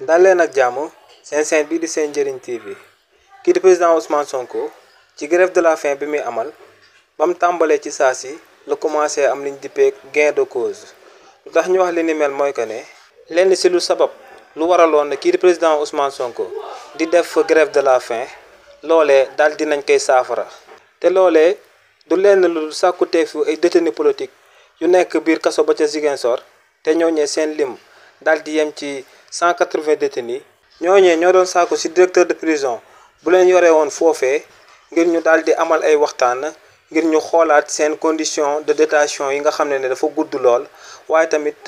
daal leen ak jàmm seen seen bii di seen njëriñ TV kii di président Ousmane Sonko ci grève de la fin bi muy amal ba tàmbalee ci saa si la commencé am liñ dippee gain de cause lu tax ñu wax li ni mel mooy que ne lenn si lu sabab lu waraloon ne kii di président Ousmane Sonko di def grève de la faim loolee daal nañ koy saafara te loolee du lenn lu sàkku teefu ay détenus politique yu nekk biir kaso ba ca Ziguinchor te ñooñee seen lim daal di yem ci. 180 détenus ñooñee ñoo doon saako ci directeur de prison bu leen yoree woon foofee ngir ñu daal di amal ay waxtaan ngir ñu xoolaat seen condition de détention yi nga xam ne ne dafa gudd lool waaye tamit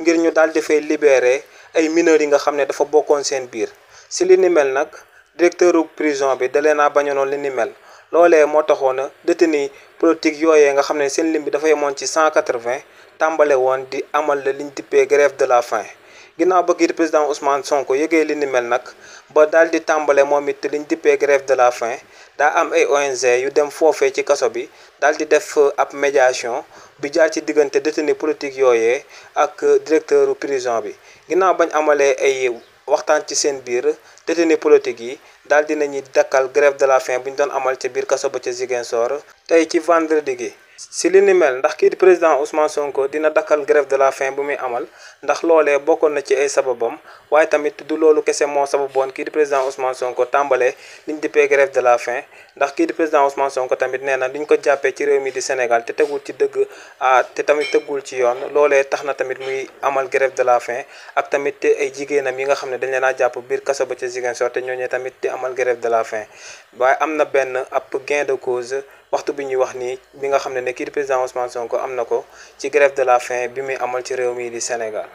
ngir ñu daal di fay libérer ay mineurs yi nga xam ne dafa bokkoon seen biir ci li ni mel nag directeuru prison bi da leen a bañoon li ni mel loolee moo taxoon détenu politique yooyee nga xam ne seen lim bi dafa yemoon ci 180 tàmbale woon di amal la liñ dippee grève de la faim ginnaaw ba kii di président Ousmane Sonko yëgee li ni mel nag ba daal di tàmbale moom it liñ dippee grève de la fin daa am ay ONG yu dem foofee ci kaso bi daal di def euh, ab médiation bi jaar ci diggante détenu politique yooye ak euh, directeuru prison bi ginnaaw bañ amalee ay waxtaan ci seen biir détenu politique yi daal nañuy dakkal grève de la fin bu ñu doon amal ci biir kaso ba ca Ziguinchor tey ci vendredi gi si li ni mel ndax kii di président Ousmane Sonko dina dakkal grève de la faim bu muy amal ndax loolee bokkoon na ci ay sababam waaye tamit du loolu kese moo sababoon kii di président Ousmane Sonko tàmbalee liñ dippee grève de la faim ndax kii di président Ousmane Sonko tamit nee na liñ ko jàppee ci réew mi di Sénégal te tegul ci dëgg ah te tamit tegul ci yoon loolee tax na tamit muy amal grève de la fin ak tamit ay jigéenam yi nga xam ne dañ leen naa jàpp biir kaso ba ca Ziguinchor te ñooñee tamit di amal grève de la faim waaye am na benn ab gain de cause. waxtu bi ñuy wax nii bi nga xam ne ne kii di président Ousmane Sonko am na ko ci grève de la faim bi muy amal ci réew mii di Sénégal